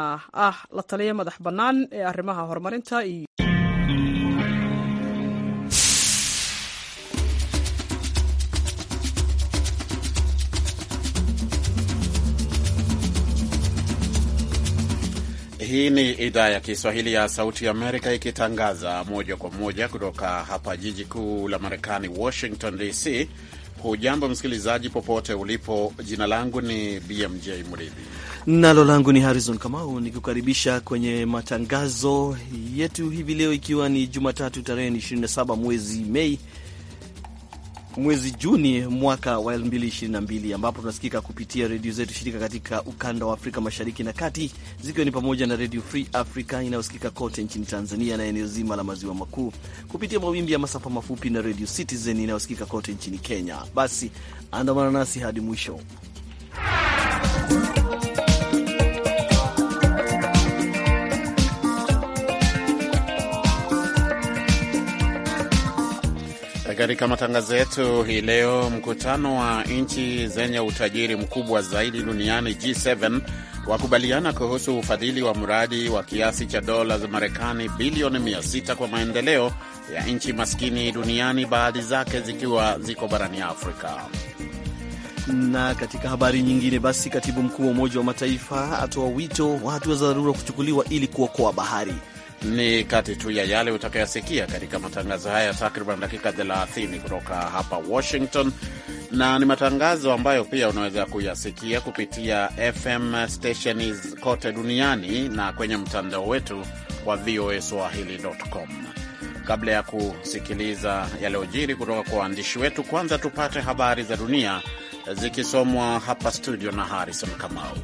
Ah, ah la taliya madax bannaan ee arrimaha horumarinta iyo Hii ni idhaa ya Kiswahili ya Sauti Amerika ikitangaza moja kwa moja kutoka hapa jiji kuu la Marekani, Washington DC. Hujambo msikilizaji popote ulipo. Jina langu ni BMJ Mridhi nalo langu ni Harrison Kamau kukaribisha kwenye matangazo yetu hivi leo, ikiwa ni Jumatatu tarehe 27 mwezi Mei mwezi Juni mwaka wa 2022 ambapo tunasikika kupitia redio zetu shirika katika ukanda wa Afrika mashariki na kati, zikiwa ni pamoja na Redio Free Africa inayosikika kote nchini Tanzania na eneo zima la maziwa makuu kupitia mawimbi ya masafa mafupi na Redio Citizen inayosikika kote nchini Kenya. Basi andamana nasi hadi mwisho. katika matangazo yetu hii leo, mkutano wa nchi zenye utajiri mkubwa zaidi duniani G7 wakubaliana kuhusu ufadhili wa mradi wa kiasi cha dola za Marekani bilioni 600 kwa maendeleo ya nchi maskini duniani, baadhi zake zikiwa ziko barani Afrika. Na katika habari nyingine, basi katibu mkuu wa Umoja wa Mataifa atoa wito wa hatua za dharura kuchukuliwa ili kuokoa bahari ni kati tu ya yale utakayasikia katika matangazo haya ya takriban dakika 30 kutoka hapa Washington, na ni matangazo ambayo pia unaweza kuyasikia kupitia FM stations kote duniani na kwenye mtandao wetu wa VOA Swahili.com. Kabla ya kusikiliza yaliyojiri kutoka kwa waandishi wetu, kwanza tupate habari za dunia zikisomwa hapa studio na Harrison Kamau.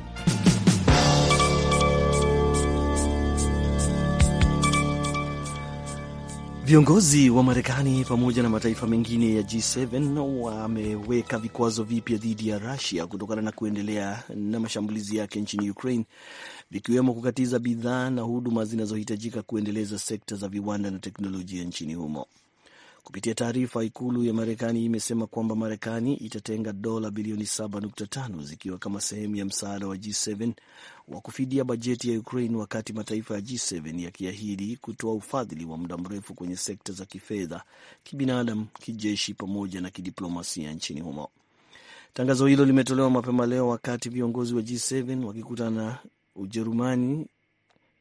Viongozi wa Marekani pamoja na mataifa mengine ya G7 wameweka vikwazo vipya dhidi ya Rusia kutokana na kuendelea na mashambulizi yake nchini Ukraine, vikiwemo kukatiza bidhaa na huduma zinazohitajika kuendeleza sekta za viwanda na teknolojia nchini humo. Kupitia taarifa, ikulu ya Marekani imesema kwamba Marekani itatenga dola bilioni 7.5 zikiwa kama sehemu ya msaada wa G7 wa kufidia bajeti ya Ukraine, wakati mataifa ya G7 yakiahidi kutoa ufadhili wa muda mrefu kwenye sekta za kifedha, kibinadamu, kijeshi pamoja na kidiplomasia nchini humo. Tangazo hilo limetolewa mapema leo wakati viongozi wa G7 wakikutana Ujerumani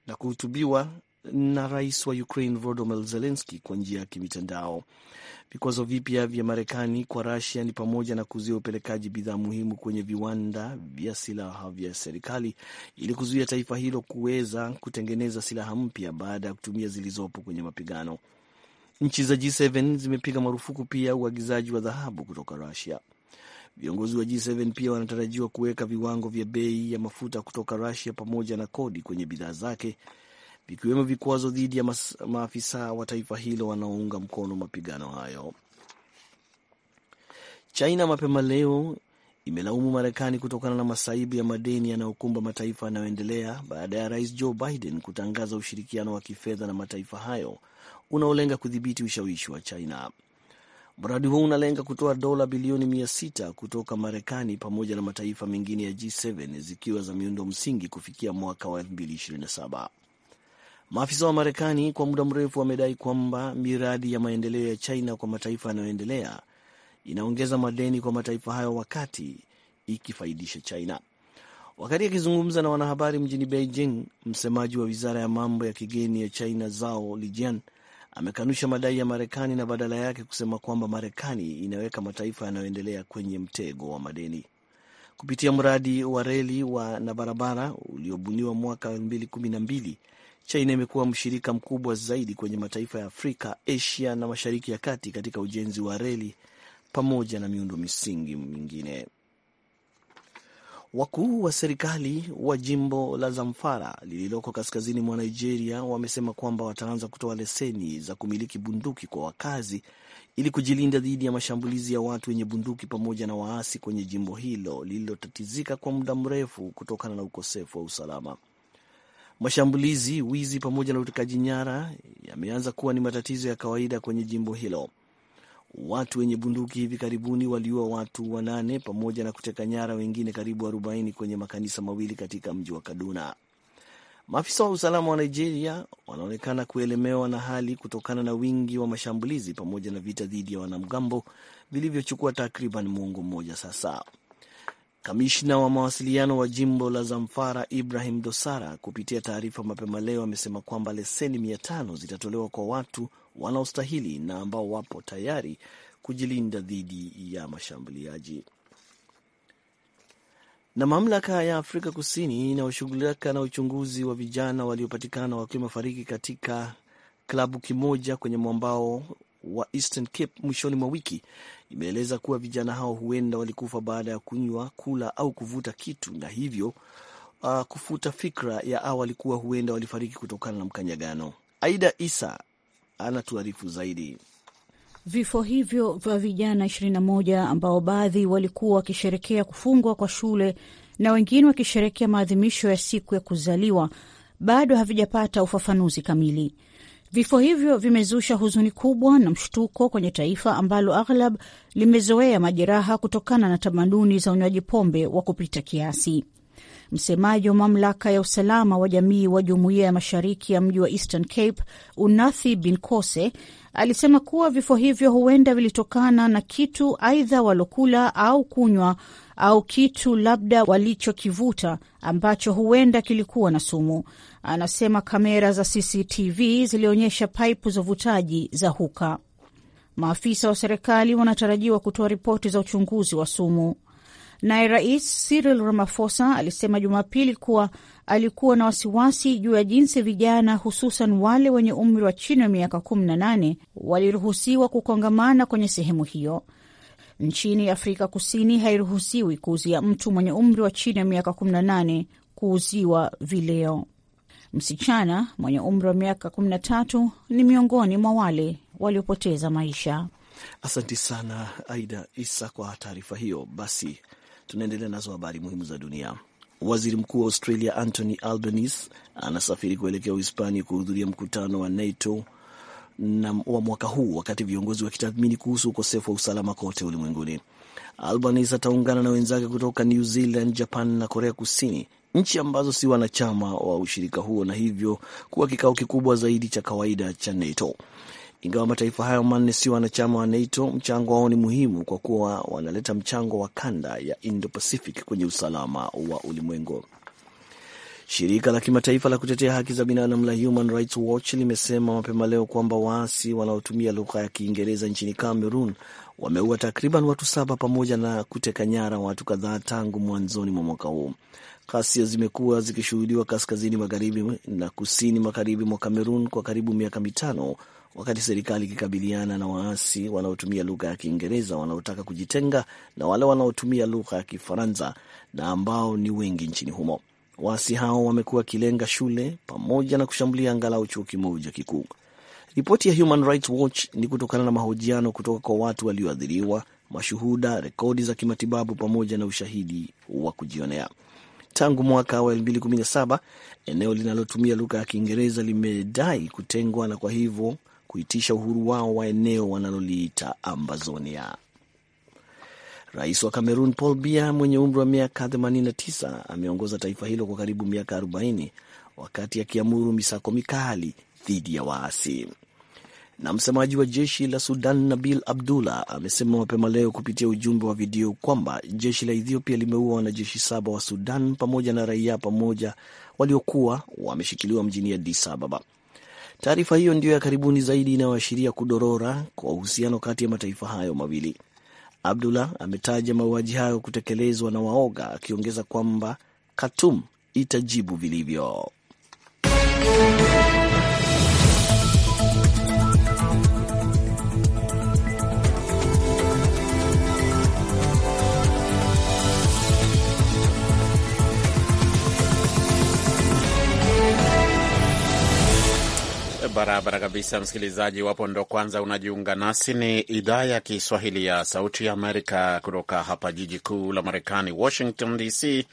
na kuhutubiwa na rais wa Ukraine Volodymyr Zelensky kwa njia ya kimitandao. Vikwazo vipya vya Marekani kwa Rusia ni pamoja na kuzuia upelekaji bidhaa muhimu kwenye viwanda vya silaha vya serikali ili kuzuia taifa hilo kuweza kutengeneza silaha mpya baada ya kutumia zilizopo kwenye mapigano. Nchi za G7 zimepiga marufuku pia uagizaji wa dhahabu kutoka Rusia. Viongozi wa G7 pia wanatarajiwa kuweka viwango vya bei ya mafuta kutoka Rusia pamoja na kodi kwenye bidhaa zake vikiwemo vikwazo dhidi ya maafisa wa taifa hilo wanaounga mkono mapigano hayo. China mapema leo imelaumu Marekani kutokana na masaibu ya madeni yanayokumba mataifa yanayoendelea baada ya rais Joe Biden kutangaza ushirikiano wa kifedha na mataifa hayo unaolenga kudhibiti ushawishi wa China. Mradi huo unalenga kutoa dola bilioni mia sita kutoka Marekani pamoja na mataifa mengine ya G7 zikiwa za miundo msingi kufikia mwaka wa Maafisa wa Marekani kwa muda mrefu wamedai kwamba miradi ya maendeleo ya China kwa mataifa yanayoendelea inaongeza madeni kwa mataifa hayo wakati ikifaidisha China. Wakati akizungumza na wanahabari mjini Beijing, msemaji wa wizara ya mambo ya kigeni ya China Zhao Lijian amekanusha madai ya Marekani na badala yake kusema kwamba Marekani inaweka mataifa yanayoendelea kwenye mtego wa madeni kupitia mradi wa reli wa na barabara uliobuniwa mwaka 2012 China imekuwa mshirika mkubwa zaidi kwenye mataifa ya Afrika, Asia na Mashariki ya Kati katika ujenzi wa reli pamoja na miundo misingi mingine. Wakuu wa serikali wa jimbo la Zamfara lililoko kaskazini mwa Nigeria wamesema kwamba wataanza kutoa leseni za kumiliki bunduki kwa wakazi ili kujilinda dhidi ya mashambulizi ya watu wenye bunduki pamoja na waasi kwenye jimbo hilo lililotatizika kwa muda mrefu kutokana na ukosefu wa usalama. Mashambulizi, wizi pamoja na utekaji nyara yameanza kuwa ni matatizo ya kawaida kwenye jimbo hilo. Watu wenye bunduki hivi karibuni waliua watu wanane pamoja na kuteka nyara wengine karibu 40 kwenye makanisa mawili katika mji wa Kaduna. Maafisa wa usalama wa Nigeria wanaonekana kuelemewa na hali kutokana na wingi wa mashambulizi pamoja na vita dhidi ya wanamgambo vilivyochukua takriban muongo mmoja sasa. Kamishna wa mawasiliano wa jimbo la Zamfara Ibrahim Dosara kupitia taarifa mapema leo amesema kwamba leseni mia tano zitatolewa kwa watu wanaostahili na ambao wapo tayari kujilinda dhidi ya mashambuliaji. Na mamlaka ya Afrika Kusini inayoshughulika na uchunguzi wa vijana waliopatikana wakiwa mafariki katika klabu kimoja kwenye mwambao wa Eastern Cape mwishoni mwa wiki imeeleza kuwa vijana hao huenda walikufa baada ya kunywa, kula au kuvuta kitu na hivyo uh, kufuta fikra ya awali kuwa huenda walifariki kutokana na mkanyagano. Aida Isa anatuarifu zaidi. Vifo hivyo vya vijana 21 ambao baadhi walikuwa wakisherekea kufungwa kwa shule na wengine wakisherekea maadhimisho ya siku ya kuzaliwa bado havijapata ufafanuzi kamili. Vifo hivyo vimezusha huzuni kubwa na mshtuko kwenye taifa ambalo aghlab limezoea majeraha kutokana na tamaduni za unywaji pombe wa kupita kiasi. Msemaji wa mamlaka ya usalama wa jamii wa jumuiya ya mashariki ya mji wa Eastern Cape, Unathi bin Kose, alisema kuwa vifo hivyo huenda vilitokana na kitu aidha walokula au kunywa au kitu labda walichokivuta ambacho huenda kilikuwa na sumu. Anasema kamera za CCTV zilionyesha paipu za uvutaji za huka. Maafisa wa serikali wanatarajiwa kutoa ripoti za uchunguzi wa sumu. Naye Rais Cyril Ramaphosa alisema Jumapili kuwa alikuwa na wasiwasi juu ya jinsi vijana, hususan wale wenye umri wa chini ya miaka 18 waliruhusiwa kukongamana kwenye sehemu hiyo. Nchini Afrika Kusini hairuhusiwi kuuzia mtu mwenye umri wa chini ya miaka 18 kuuziwa vileo. Msichana mwenye umri wa miaka 13 ni miongoni mwa wale waliopoteza maisha. Asanti sana Aida Isa kwa taarifa hiyo. Basi tunaendelea nazo habari muhimu za dunia. Waziri mkuu wa Australia Anthony Albanese anasafiri kuelekea Uhispania kuhudhuria mkutano wa NATO na wa mwaka huu, wakati viongozi wakitathmini kuhusu ukosefu wa usalama kote ulimwenguni. Albanese ataungana na wenzake kutoka New Zealand, Japan na Korea Kusini nchi ambazo si wanachama wa ushirika huo na hivyo kuwa kikao kikubwa zaidi cha kawaida cha NATO. Ingawa mataifa hayo manne si wanachama wa NATO, mchango wao ni muhimu kwa kuwa wanaleta mchango wa kanda ya Indo-Pacific kwenye usalama wa ulimwengu. Shirika la kimataifa la kutetea haki za binadamu la Human Rights Watch limesema mapema leo kwamba waasi wanaotumia lugha ya Kiingereza nchini Cameroon wameua takriban watu saba pamoja na kuteka nyara watu kadhaa tangu mwanzoni mwa mwaka huu. Ghasia zimekuwa zikishuhudiwa kaskazini magharibi na kusini magharibi mwa Cameroon kwa karibu miaka mitano, wakati serikali ikikabiliana na waasi wanaotumia lugha ya Kiingereza wanaotaka kujitenga na wale wanaotumia lugha ya Kifaransa na ambao ni wengi nchini humo. Waasi hao wamekuwa wakilenga shule pamoja na kushambulia angalau chuo kimoja kikuu. Ripoti ya Human Rights Watch ni kutokana na mahojiano kutoka kwa watu walioathiriwa, mashuhuda, rekodi za kimatibabu pamoja na ushahidi wa kujionea. Tangu mwaka wa 2017 eneo linalotumia lugha ya Kiingereza limedai kutengwa na kwa hivyo kuitisha uhuru wao wa eneo wanaloliita Ambazonia. Rais wa Cameroon Paul Biya mwenye umri wa miaka 89 ameongoza taifa hilo kwa karibu miaka 40 wakati akiamuru misako mikali dhidi ya waasi. Na msemaji wa jeshi la Sudan Nabil Abdullah amesema mapema leo kupitia ujumbe wa video kwamba jeshi la Ethiopia limeua wanajeshi saba wa Sudan pamoja na raia pamoja waliokuwa wameshikiliwa mjini Addis Ababa. Taarifa hiyo ndiyo ya karibuni zaidi inayoashiria kudorora kwa uhusiano kati ya mataifa hayo mawili. Abdullah ametaja mauaji hayo kutekelezwa na waoga, akiongeza kwamba Khartoum itajibu vilivyo. barabara kabisa, msikilizaji wapo ndo kwanza unajiunga nasi, ni idhaa ya Kiswahili ya Sauti ya Amerika kutoka hapa jiji kuu la Marekani, Washington DC,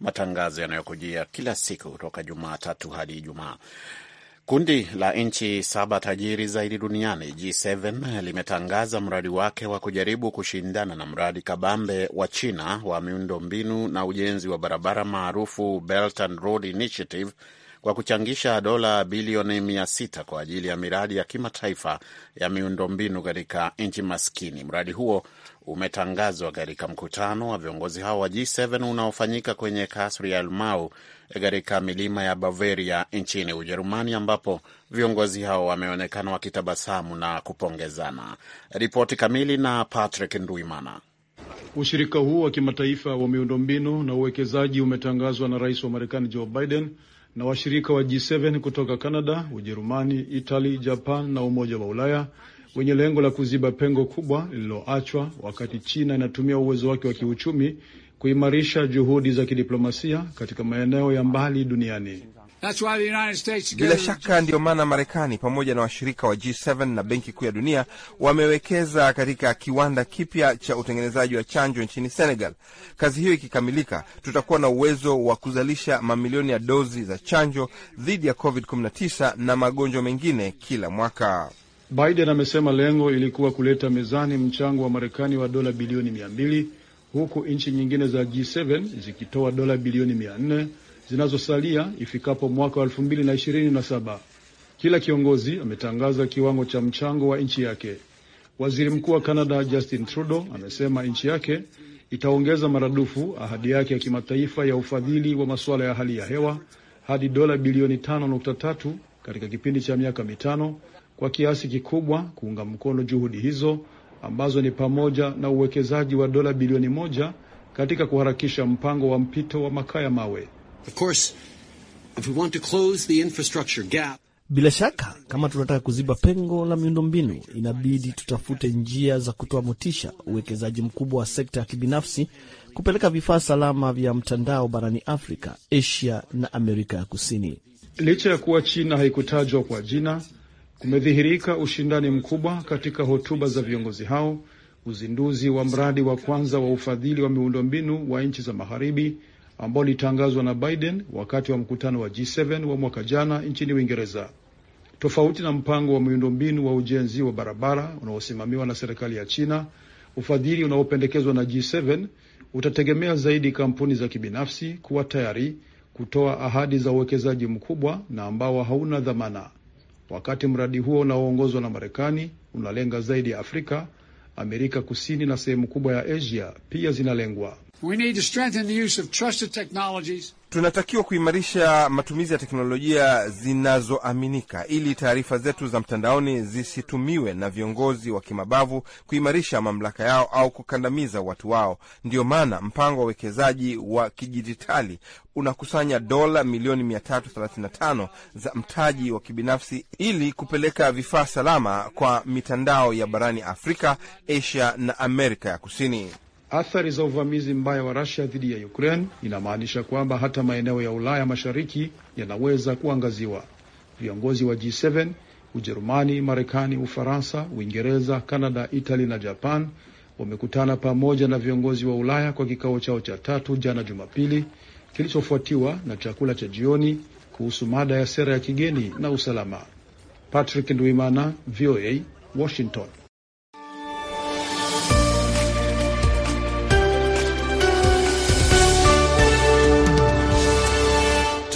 matangazo yanayokujia kila siku kutoka Jumatatu hadi Ijumaa. Kundi la nchi saba tajiri zaidi duniani G7 limetangaza mradi wake wa kujaribu kushindana na mradi kabambe wa China wa miundo mbinu na ujenzi wa barabara maarufu Belt and Road Initiative kwa kuchangisha dola bilioni mia sita kwa ajili ya miradi ya kimataifa ya miundombinu katika nchi maskini. Mradi huo umetangazwa katika mkutano wa viongozi hao wa G7 unaofanyika kwenye kasri ya Almau katika milima ya Bavaria nchini Ujerumani, ambapo viongozi hao wameonekana wakitabasamu na kupongezana. Ripoti kamili na Patrick Nduimana. Ushirika huu wa kimataifa wa miundombinu na uwekezaji umetangazwa na rais wa Marekani Joe Biden na washirika wa G7 kutoka Canada, Ujerumani, Itali, Japan na Umoja wa Ulaya wenye lengo la kuziba pengo kubwa lililoachwa wakati China inatumia uwezo wake wa kiuchumi kuimarisha juhudi za kidiplomasia katika maeneo ya mbali duniani. Bila shaka ndiyo maana Marekani pamoja na washirika wa G7 na Benki Kuu ya Dunia wamewekeza katika kiwanda kipya cha utengenezaji wa chanjo nchini Senegal. Kazi hiyo ikikamilika, tutakuwa na uwezo wa kuzalisha mamilioni ya dozi za chanjo dhidi ya COVID-19 na magonjwa mengine kila mwaka. Biden amesema lengo ilikuwa kuleta mezani mchango wa Marekani wa dola bilioni 200 huku nchi nyingine za G7 zikitoa dola bilioni mia4 zinazosalia ifikapo mwaka wa elfu mbili na ishirini na saba. Kila kiongozi ametangaza kiwango cha mchango wa nchi yake. Waziri Mkuu wa Canada Justin Trudeau amesema nchi yake itaongeza maradufu ahadi yake ya kimataifa ya ufadhili wa masuala ya hali ya hewa hadi dola bilioni 5.3 katika kipindi cha miaka mitano, kwa kiasi kikubwa kuunga mkono juhudi hizo ambazo ni pamoja na uwekezaji wa dola bilioni moja katika kuharakisha mpango wa mpito wa makaa ya mawe. Of course, if we want to close the infrastructure gap, bila shaka kama tunataka kuziba pengo la miundombinu, inabidi tutafute njia za kutoa motisha uwekezaji mkubwa wa sekta ya kibinafsi kupeleka vifaa salama vya mtandao barani Afrika, Asia na Amerika ya Kusini. Licha ya kuwa China haikutajwa kwa jina, kumedhihirika ushindani mkubwa katika hotuba za viongozi hao. Uzinduzi wa mradi wa kwanza wa ufadhili wa miundombinu wa nchi za magharibi ambao litangazwa na Biden wakati wa mkutano wa G7 wa mwaka jana nchini Uingereza. Tofauti na mpango wa miundombinu wa ujenzi wa barabara unaosimamiwa na serikali ya China, ufadhili unaopendekezwa na G7 utategemea zaidi kampuni za kibinafsi kuwa tayari kutoa ahadi za uwekezaji mkubwa na ambao hauna dhamana. Wakati mradi huo unaoongozwa na Marekani unalenga zaidi ya Afrika, Amerika Kusini na sehemu kubwa ya Asia pia zinalengwa. We need to strengthen the use of trusted technologies. Tunatakiwa kuimarisha matumizi ya teknolojia zinazoaminika ili taarifa zetu za mtandaoni zisitumiwe na viongozi wa kimabavu kuimarisha mamlaka yao au kukandamiza watu wao. Ndiyo maana mpango wa uwekezaji wa kidijitali unakusanya dola milioni 335 za mtaji wa kibinafsi ili kupeleka vifaa salama kwa mitandao ya barani Afrika, Asia na Amerika ya Kusini. Athari za uvamizi mbaya wa rasia dhidi ya Ukraine inamaanisha kwamba hata maeneo ya Ulaya Mashariki yanaweza kuangaziwa. Viongozi wa G7 Ujerumani, Marekani, Ufaransa, Uingereza, Kanada, Itali na Japan wamekutana pamoja na viongozi wa Ulaya kwa kikao chao cha tatu jana Jumapili, kilichofuatiwa na chakula cha jioni kuhusu mada ya sera ya kigeni na usalama. Patrick Ndwimana, VOA, Washington.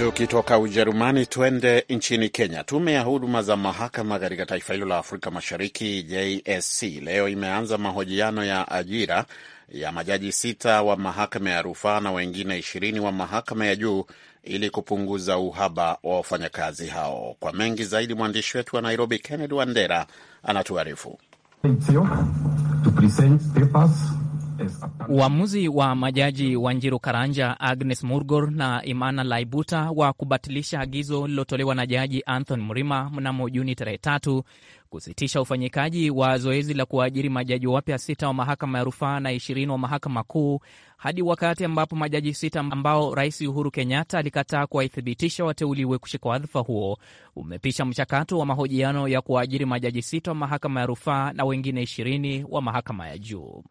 Tukitoka Ujerumani twende nchini Kenya. Tume ya huduma za mahakama katika taifa hilo la Afrika Mashariki, JSC, leo imeanza mahojiano ya ajira ya majaji sita wa mahakama ya rufaa na wengine ishirini wa mahakama ya juu ili kupunguza uhaba wa wafanyakazi hao. Kwa mengi zaidi, mwandishi wetu wa Nairobi, Kennedy Wandera, anatuarifu. Uamuzi wa majaji Wanjiru Karanja, Agnes Murgor na Imana Laibuta wa kubatilisha agizo lililotolewa na jaji Anthony Mrima mnamo Juni tarehe tatu kusitisha ufanyikaji wa zoezi la kuajiri majaji wapya sita wa mahakama ya rufaa na ishirini wa mahakama kuu hadi wakati ambapo majaji sita ambao Rais Uhuru Kenyatta alikataa kuwaithibitisha wateuliwe kushika wadhifa huo umepisha mchakato wa mahojiano ya kuwaajiri majaji sita wa mahakama ya rufaa na wengine ishirini wa mahakama ya juu.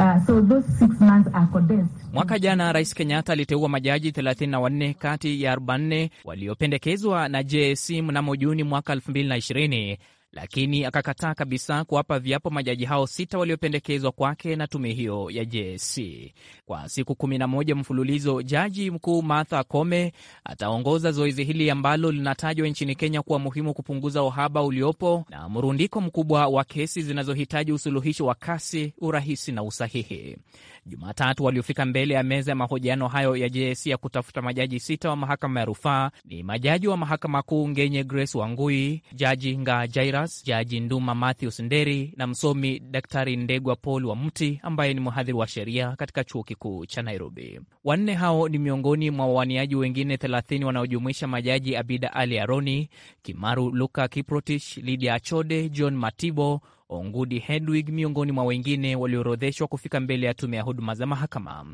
Uh, so those six months are condensed. Mwaka jana Rais Kenyatta aliteua majaji 34 kati ya 44 waliopendekezwa na JSC mnamo Juni mwaka 2020 lakini akakataa kabisa kuwapa viapo majaji hao sita waliopendekezwa kwake na tume hiyo ya JSC. Kwa siku 11 mfululizo, jaji mkuu Martha Koome ataongoza zoezi hili ambalo linatajwa nchini Kenya kuwa muhimu kupunguza uhaba uliopo na mrundiko mkubwa wa kesi zinazohitaji usuluhishi wa kasi, urahisi na usahihi. Jumatatu waliofika mbele ya meza ya mahojiano hayo ya JSC ya kutafuta majaji sita wa mahakama ya rufaa ni majaji wa mahakama kuu Ngenye Grace Wangui, jaji Nga Jairas, jaji Nduma Matthews Nderi na msomi Daktari Ndegwa Paul Wamuti ambaye ni mhadhiri wa sheria katika chuo kikuu cha Nairobi. Wanne hao ni miongoni mwa wawaniaji wengine 30 wanaojumuisha majaji Abida Ali Aroni, Kimaru Luka Kiprotich, Lidia Achode, John Matibo Ongudi Hedwig miongoni mwa wengine walioorodheshwa kufika mbele ya tume ya huduma za mahakama.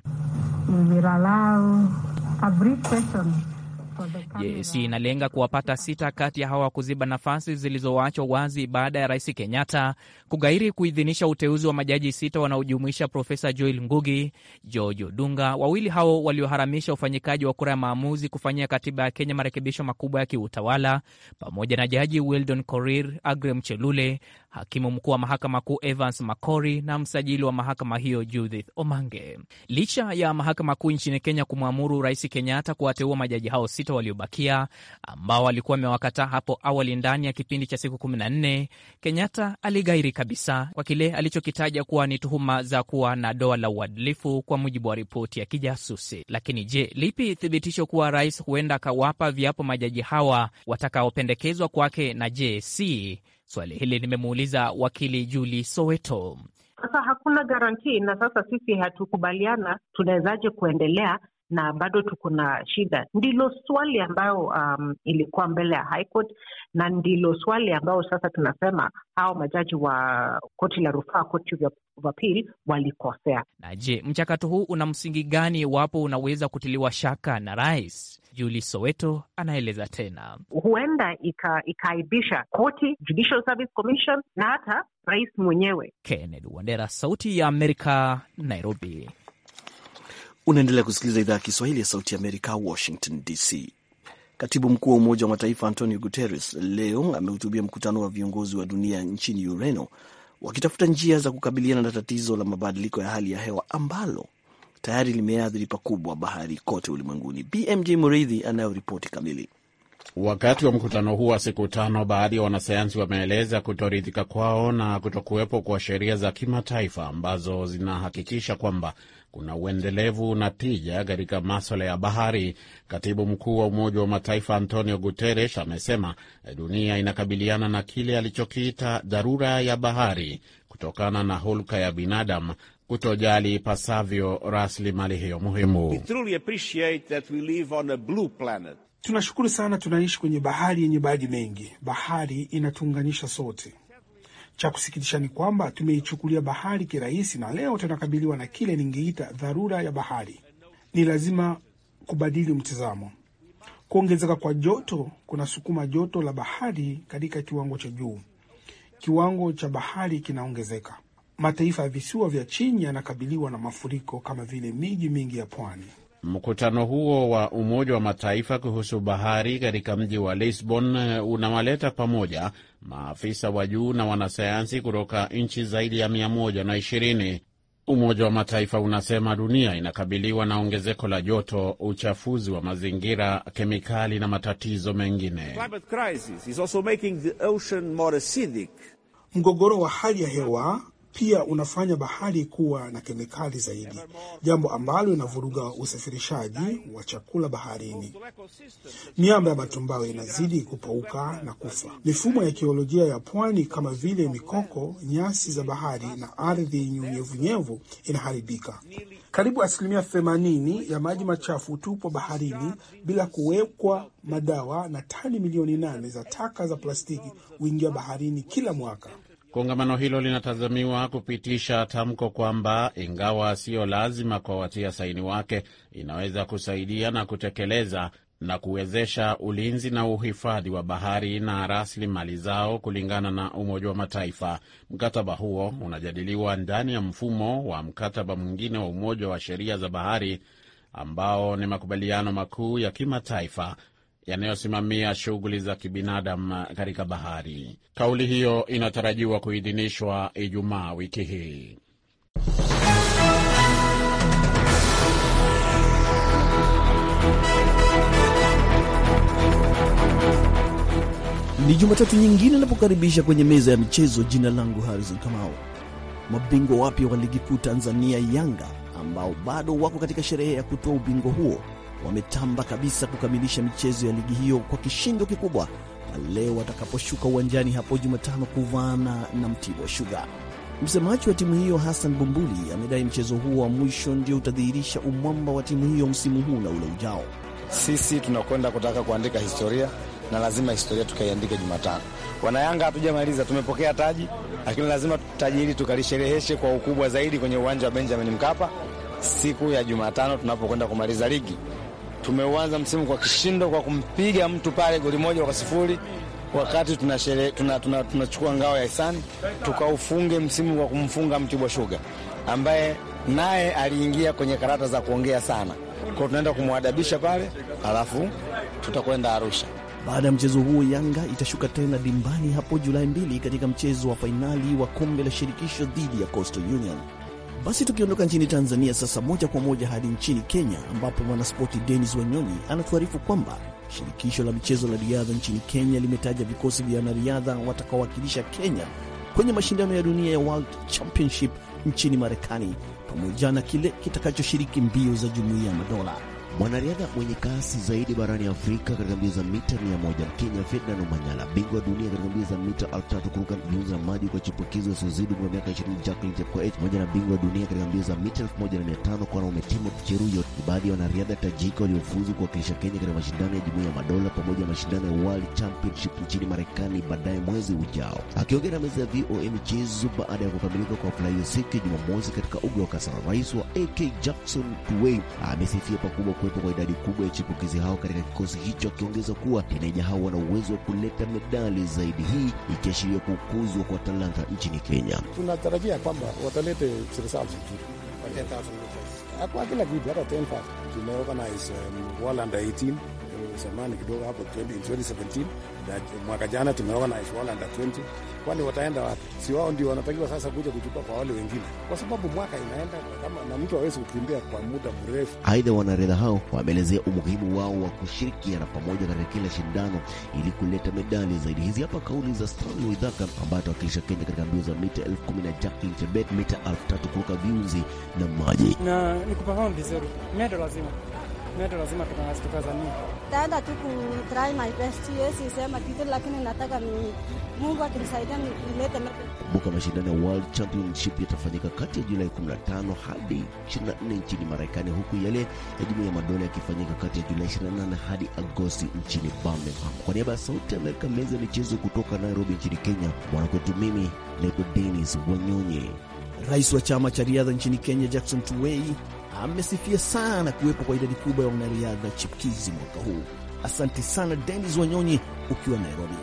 Yes, inalenga kuwapata sita kati ya hawa kuziba nafasi zilizoachwa wazi baada ya Rais Kenyatta kugairi kuidhinisha uteuzi wa majaji sita wanaojumuisha Profesa Joel Ngugi, George Odunga, wawili hao walioharamisha ufanyikaji wa kura ya maamuzi kufanyia katiba ya Kenya marekebisho makubwa ya kiutawala, pamoja na Jaji Weldon Korir Agre Mchelule hakimu mkuu wa mahakama kuu Evans Makori na msajili wa mahakama hiyo Judith Omange. Licha ya mahakama kuu nchini Kenya kumwamuru Rais Kenyatta kuwateua majaji hao sita waliobakia ambao walikuwa wamewakataa hapo awali ndani ya kipindi cha siku 14, Kenyatta aligairi kabisa kwa kile alichokitaja kuwa ni tuhuma za kuwa na doa la uadilifu kwa mujibu wa ripoti ya kijasusi. Lakini je, lipi thibitisho kuwa rais huenda akawapa viapo majaji hawa watakaopendekezwa kwake na JSC Swali hili nimemuuliza wakili Juli Soweto. Sasa hakuna garanti, na sasa sisi hatukubaliana, tunawezaje kuendelea na bado tuko na shida? Ndilo swali ambayo um, ilikuwa mbele ya High Court, na ndilo swali ambayo sasa tunasema hao majaji wa koti la rufaa, koti vya pili walikosea. Na je, mchakato huu una msingi gani iwapo unaweza kutiliwa shaka na rais? Juli Soweto anaeleza tena, huenda ikaaibisha koti, Judicial Service Commission na hata rais mwenyewe. Kennedy Wandera, Sauti ya Amerika, Nairobi. Unaendelea kusikiliza idhaa ya Kiswahili ya Sauti ya Amerika, Washington DC. Katibu mkuu wa Umoja wa Mataifa Antonio Guterres leo amehutubia mkutano wa viongozi wa dunia nchini Ureno wakitafuta njia za kukabiliana na tatizo la mabadiliko ya hali ya hewa ambalo tayari limeathiri pakubwa bahari kote ulimwenguni. BMJ Muridhi anayo ripoti kamili. Wakati wa mkutano huu wa siku tano, baadhi ya wanasayansi wameeleza kutoridhika kwao na kutokuwepo kwa sheria za kimataifa ambazo zinahakikisha kwamba kuna uendelevu na tija katika maswala ya bahari. Katibu mkuu wa Umoja wa Mataifa Antonio Guterres amesema eh, dunia inakabiliana na kile alichokiita dharura ya bahari kutokana na hulka ya binadamu kutojali ipasavyo rasilimali hiyo muhimu. Tunashukuru sana, tunaishi kwenye bahari yenye maji mengi. Bahari inatuunganisha sote. Cha kusikitisha ni kwamba tumeichukulia bahari kirahisi, na leo tunakabiliwa na kile ningeita dharura ya bahari. Ni lazima kubadili mtizamo. Kuongezeka kwa joto kunasukuma joto la bahari katika kiwango cha juu. Kiwango cha bahari kinaongezeka, mataifa ya visiwa vya chini yanakabiliwa na mafuriko kama vile miji mingi ya pwani. Mkutano huo wa Umoja wa Mataifa kuhusu bahari katika mji wa Lisbon eh, unawaleta pamoja maafisa wa juu na wanasayansi kutoka nchi zaidi ya 120. Umoja wa Mataifa unasema dunia inakabiliwa na ongezeko la joto, uchafuzi wa mazingira, kemikali na matatizo mengine. Mgogoro wa hali ya hewa pia unafanya bahari kuwa na kemikali zaidi, jambo ambalo linavuruga usafirishaji wa chakula baharini. Miamba ya matumbawe inazidi kupauka na kufa. Mifumo ya kiolojia ya pwani kama vile mikoko, nyasi za bahari na ardhi yenye unyevunyevu inaharibika. Karibu asilimia themanini ya maji machafu tupo baharini bila kuwekwa madawa na tani milioni nane za taka za plastiki huingia baharini kila mwaka. Kongamano hilo linatazamiwa kupitisha tamko kwamba ingawa siyo lazima kwa watia saini wake, inaweza kusaidia na kutekeleza na kuwezesha ulinzi na uhifadhi wa bahari na rasilimali zao kulingana na Umoja wa Mataifa. Mkataba huo unajadiliwa ndani ya mfumo wa mkataba mwingine wa Umoja wa Sheria za Bahari ambao ni makubaliano makuu ya kimataifa yanayosimamia shughuli za kibinadamu katika bahari. Kauli hiyo inatarajiwa kuidhinishwa Ijumaa wiki hii. Ni Jumatatu nyingine inapokaribisha kwenye meza ya michezo. Jina langu Harrison Kamau. Mabingwa wapya wa ligi kuu Tanzania Yanga, ambao bado wako katika sherehe ya kutoa ubingwa huo wametamba kabisa kukamilisha michezo ya ligi hiyo kwa kishindo kikubwa pale watakaposhuka uwanjani hapo Jumatano kuvaana na Mtibwa Sugar. Msemaji wa timu hiyo Hassan Bumbuli amedai mchezo huo wa mwisho ndio utadhihirisha umwamba wa timu hiyo msimu huu na ule ujao. Sisi tunakwenda kutaka kuandika historia na lazima historia tukaiandike Jumatano. Wanayanga hatujamaliza, tumepokea taji, lakini lazima taji hili tukalishereheshe kwa ukubwa zaidi kwenye uwanja wa Benjamin Mkapa siku ya Jumatano tunapokwenda kumaliza ligi. Tumeuanza msimu kwa kishindo kwa kumpiga mtu pale goli moja kwa sifuri wakati tunachukua tuna, tuna, tuna ngao ya hisani tukaufunge msimu kwa kumfunga Mtibwa Shuga ambaye naye aliingia kwenye karata za kuongea sana. Kwao tunaenda kumwadabisha pale, alafu tutakwenda Arusha. Baada ya mchezo huo, Yanga itashuka tena dimbani hapo Julai mbili katika mchezo wa fainali wa kombe la shirikisho dhidi ya Coastal Union. Basi tukiondoka nchini Tanzania sasa moja kwa moja hadi nchini Kenya, ambapo mwanaspoti Denis Wanyonyi anatuarifu kwamba shirikisho la michezo la riadha nchini Kenya limetaja vikosi vya wanariadha watakaowakilisha Kenya kwenye mashindano ya dunia ya World Championship nchini Marekani pamoja na kile kitakachoshiriki mbio za Jumuiya ya Madola. Mwanariadha mwenye kasi zaidi barani Afrika katika mbio za mita 100, Mkenya Ferdinand Omanyala, bingwa dunia katika mbio za mita elfu kuruka viunzi na maji kwa chipukizi wasiozidi umri wa miaka 20, Jacqueline Chepkoech, pamoja na bingwa dunia katika mbio za mita 1500 kwa wanaume Timothy Cheruyot ni baadhi ya wanariadha tajika waliofuzu kuwakilisha Kenya katika mashindano ya Jumuiya ya Madola pamoja na mashindano ya World Championship nchini Marekani baadaye mwezi ujao. Akiongea na meza ya VOA michezo baada ya kukamilika kwa hafla hiyo siku ya Jumamosi katika uga wa Kasarani, rais wa AK Jackson Tuwei amesifia pakubwa kuwepo kwa idadi kubwa ya chipukizi hao katika kikosi hicho, akiongeza kuwa teneja hao wana uwezo wa kuleta medali zaidi, hii ikiashiria kukuzwa kwa talanta nchini Kenya. Tunatarajia kwamba watalete results nzuri kwa kila kitu, hata 10 tumeorganize um, World Under 18 zamani kidogo hapo 2017 na mwaka jana na Ishwala under 20. Kwani wataenda wapi? Si wao ndio wanatakiwa sasa kuja kuchukua kwa wale wengine, kwa sababu mwaka inaenda kama na mtu hawezi kukimbia kwa muda mrefu. Aidha, wanariadha hao wameelezea umuhimu wao wa kushirikiana pamoja katika kila shindano ili kuleta medali zaidi. Hizi hapa kauli za Stanley Withaka ambaye atawakilisha Kenya katika mbio za mita elfu kumi na Jacqueline Chebet mita elfu tatu kuruka viunzi na maji na vizuri, lazima meto lazima tukazamia. Taenda tu ku try my best, siwezi sema kitu, lakini nataka Mungu akinisaidia nilete meto. Kumbuka mashindano ya World Championship yatafanyika kati ya Julai 15 hadi 24 nchini Marekani, huku yale ya Jumuiya ya Madola yakifanyika kati ya Julai 28 hadi Agosti nchini Birmingham. Kwa niaba ya Sauti ya Amerika, meza ya michezo kutoka Nairobi nchini Kenya, mwanakwetu mimi naitwa Denis Wanyonyi. Rais wa chama cha riadha nchini Kenya Jackson Tuwei amesifia sana kuwepo kwa idadi kubwa ya wanariadha chipukizi mwaka huu. Asante sana Denis Wanyonyi ukiwa Nairobi.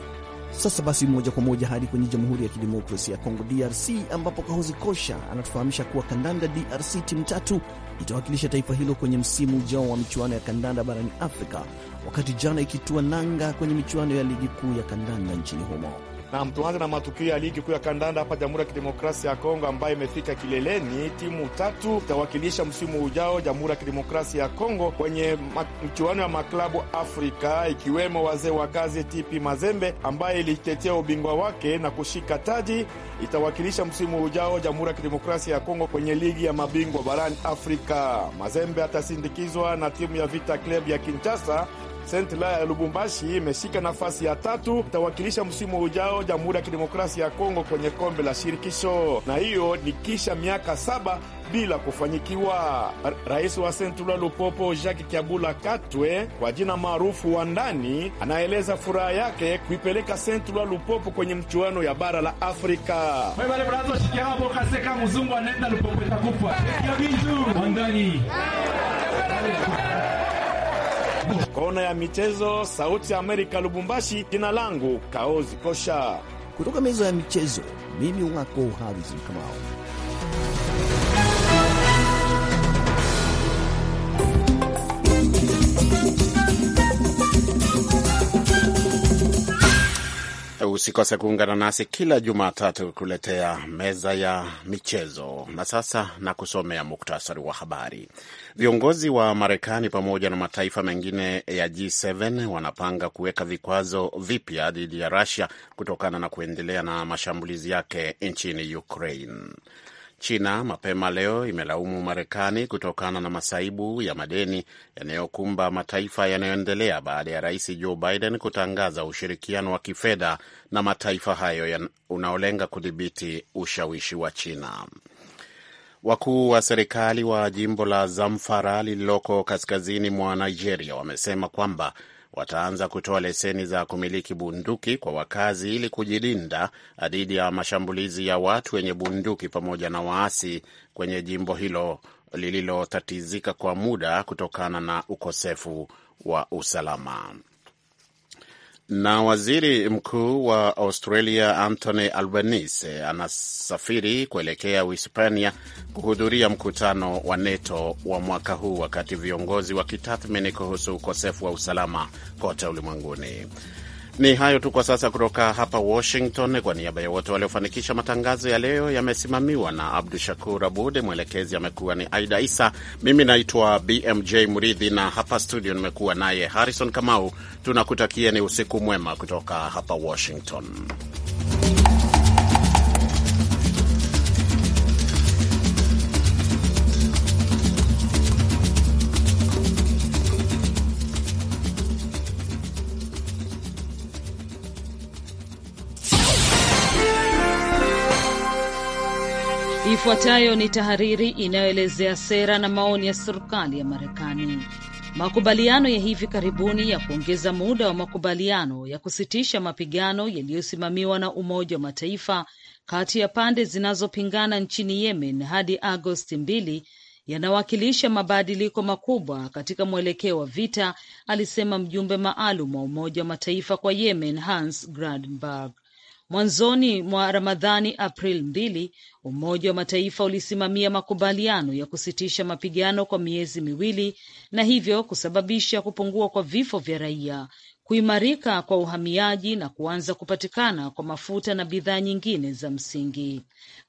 Sasa basi, moja kwa moja hadi kwenye Jamhuri ya Kidemokrasia ya Kongo, DRC, ambapo Kahozi Kosha anatufahamisha kuwa kandanda DRC timu tatu itawakilisha taifa hilo kwenye msimu ujao wa michuano ya kandanda barani Afrika, wakati jana ikitua nanga kwenye michuano ya ligi kuu ya kandanda nchini humo na mtuanze na matukio ya ligi kuu ya kandanda hapa Jamhuri ya Kidemokrasia ya Kongo ambayo imefika kileleni. Timu tatu zitawakilisha msimu ujao Jamhuri ya Kidemokrasia ya Kongo kwenye mchuano ya maklabu Afrika, ikiwemo wazee wa kazi TP Mazembe ambaye ilitetea ubingwa wake na kushika taji, itawakilisha msimu ujao Jamhuri ya Kidemokrasia ya Kongo kwenye ligi ya mabingwa barani Afrika. Mazembe atasindikizwa na timu ya Vita Club ya Kinshasa Saint Laya ya Lubumbashi imeshika nafasi ya tatu, itawakilisha msimu ujao Jamhuri ya Kidemokrasia ya Kongo kwenye kombe la shirikisho, na hiyo ni kisha miaka saba bila kufanyikiwa. Rais wa Sentula Lupopo Jacques Kiabula Katwe, kwa jina maarufu wa ndani, anaeleza furaha yake kuipeleka Sentula Lupopo kwenye mchuano ya bara la Afrika. Kona ya michezo, Sauti ya Amerika, Lubumbashi. Jina langu Kaozi Kosha, kutoka meza ya michezo. Mimi wako Harizi Kamao. Usikose kuungana nasi kila Jumatatu kuletea meza ya michezo. Na sasa na kusomea muktasari wa habari. Viongozi wa Marekani pamoja na mataifa mengine ya G7 wanapanga kuweka vikwazo vipya dhidi ya Rusia kutokana na kuendelea na mashambulizi yake nchini Ukraine. China mapema leo imelaumu Marekani kutokana na masaibu ya madeni yanayokumba mataifa yanayoendelea baada ya Rais Joe Biden kutangaza ushirikiano wa kifedha na mataifa hayo unaolenga kudhibiti ushawishi wa China. Wakuu wa serikali wa jimbo la Zamfara lililoko kaskazini mwa Nigeria wamesema kwamba wataanza kutoa leseni za kumiliki bunduki kwa wakazi ili kujilinda dhidi ya mashambulizi ya watu wenye bunduki pamoja na waasi kwenye jimbo hilo lililotatizika kwa muda kutokana na ukosefu wa usalama. Na waziri mkuu wa Australia Anthony Albanese anasafiri kuelekea Uhispania kuhudhuria mkutano wa NATO wa mwaka huu, wakati viongozi wakitathmini kuhusu ukosefu wa usalama kote ulimwenguni. Ni hayo tu kwa sasa kutoka hapa Washington. Kwa niaba ya wote waliofanikisha matangazo ya leo, yamesimamiwa na Abdu Shakur Abud, mwelekezi amekuwa ni Aida Isa, mimi naitwa BMJ Muridhi na hapa studio nimekuwa naye Harrison Kamau. tunakutakieni usiku mwema kutoka hapa Washington. Ifuatayo ni tahariri inayoelezea sera na maoni ya serikali ya Marekani. Makubaliano ya hivi karibuni ya kuongeza muda wa makubaliano ya kusitisha mapigano yaliyosimamiwa na Umoja wa Mataifa kati ya pande zinazopingana nchini Yemen hadi Agosti mbili yanawakilisha mabadiliko makubwa katika mwelekeo wa vita, alisema mjumbe maalum wa Umoja wa Mataifa kwa Yemen Hans Grundberg. Mwanzoni mwa Ramadhani april mbili, Umoja wa Mataifa ulisimamia makubaliano ya kusitisha mapigano kwa miezi miwili na hivyo kusababisha kupungua kwa vifo vya raia, kuimarika kwa uhamiaji na kuanza kupatikana kwa mafuta na bidhaa nyingine za msingi.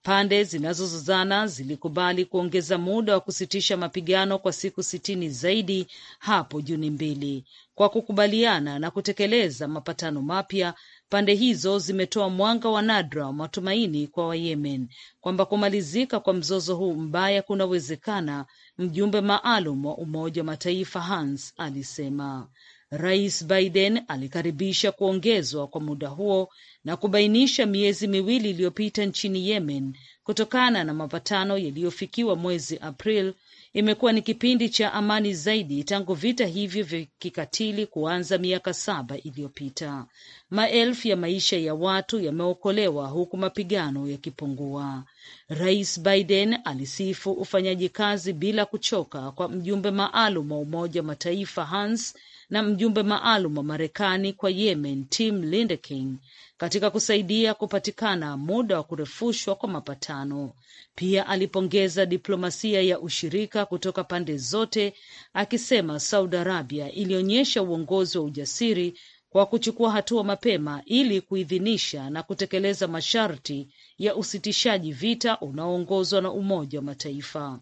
Pande zinazozozana zilikubali kuongeza muda wa kusitisha mapigano kwa siku sitini zaidi hapo Juni mbili, kwa kukubaliana na kutekeleza mapatano mapya Pande hizo zimetoa mwanga wa nadra matumaini kwa Wayemen kwamba kumalizika kwa mzozo huu mbaya kunawezekana, mjumbe maalum wa Umoja wa Mataifa Hans alisema. Rais Biden alikaribisha kuongezwa kwa muda huo na kubainisha miezi miwili iliyopita nchini Yemen kutokana na mapatano yaliyofikiwa mwezi April imekuwa ni kipindi cha amani zaidi tangu vita hivyo vya kikatili kuanza miaka saba iliyopita. Maelfu ya maisha ya watu yameokolewa huku mapigano yakipungua. Rais Biden alisifu ufanyaji kazi bila kuchoka kwa mjumbe maalum wa Umoja wa Mataifa Hans na mjumbe maalum wa Marekani kwa Yemen Tim Lindeking katika kusaidia kupatikana muda wa kurefushwa kwa mapatano. Pia alipongeza diplomasia ya ushirika kutoka pande zote, akisema Saudi Arabia ilionyesha uongozi wa ujasiri kwa kuchukua hatua mapema ili kuidhinisha na kutekeleza masharti ya usitishaji vita unaoongozwa na Umoja wa Mataifa.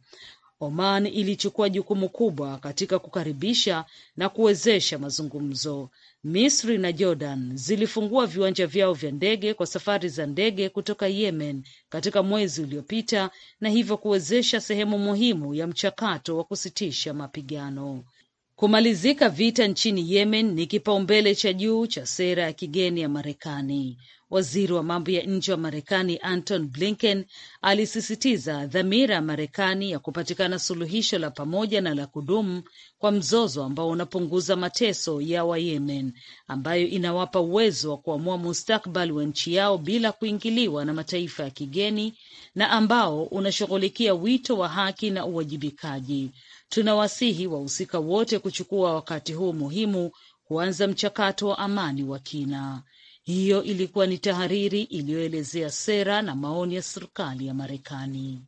Oman ilichukua jukumu kubwa katika kukaribisha na kuwezesha mazungumzo. Misri na Jordan zilifungua viwanja vyao vya ndege kwa safari za ndege kutoka Yemen katika mwezi uliopita na hivyo kuwezesha sehemu muhimu ya mchakato wa kusitisha mapigano. Kumalizika vita nchini Yemen ni kipaumbele cha juu cha sera ya kigeni ya Marekani. Waziri wa mambo ya nje wa Marekani Anton Blinken alisisitiza dhamira ya Marekani ya kupatikana suluhisho la pamoja na la kudumu kwa mzozo ambao unapunguza mateso ya Wayemen, ambayo inawapa uwezo wa kuamua mustakbali wa nchi yao bila kuingiliwa na mataifa ya kigeni, na ambao unashughulikia wito wa haki na uwajibikaji. Tunawasihi wahusika wote kuchukua wakati huu muhimu kuanza mchakato wa amani wa kina. Hiyo ilikuwa ni tahariri iliyoelezea sera na maoni ya serikali ya Marekani.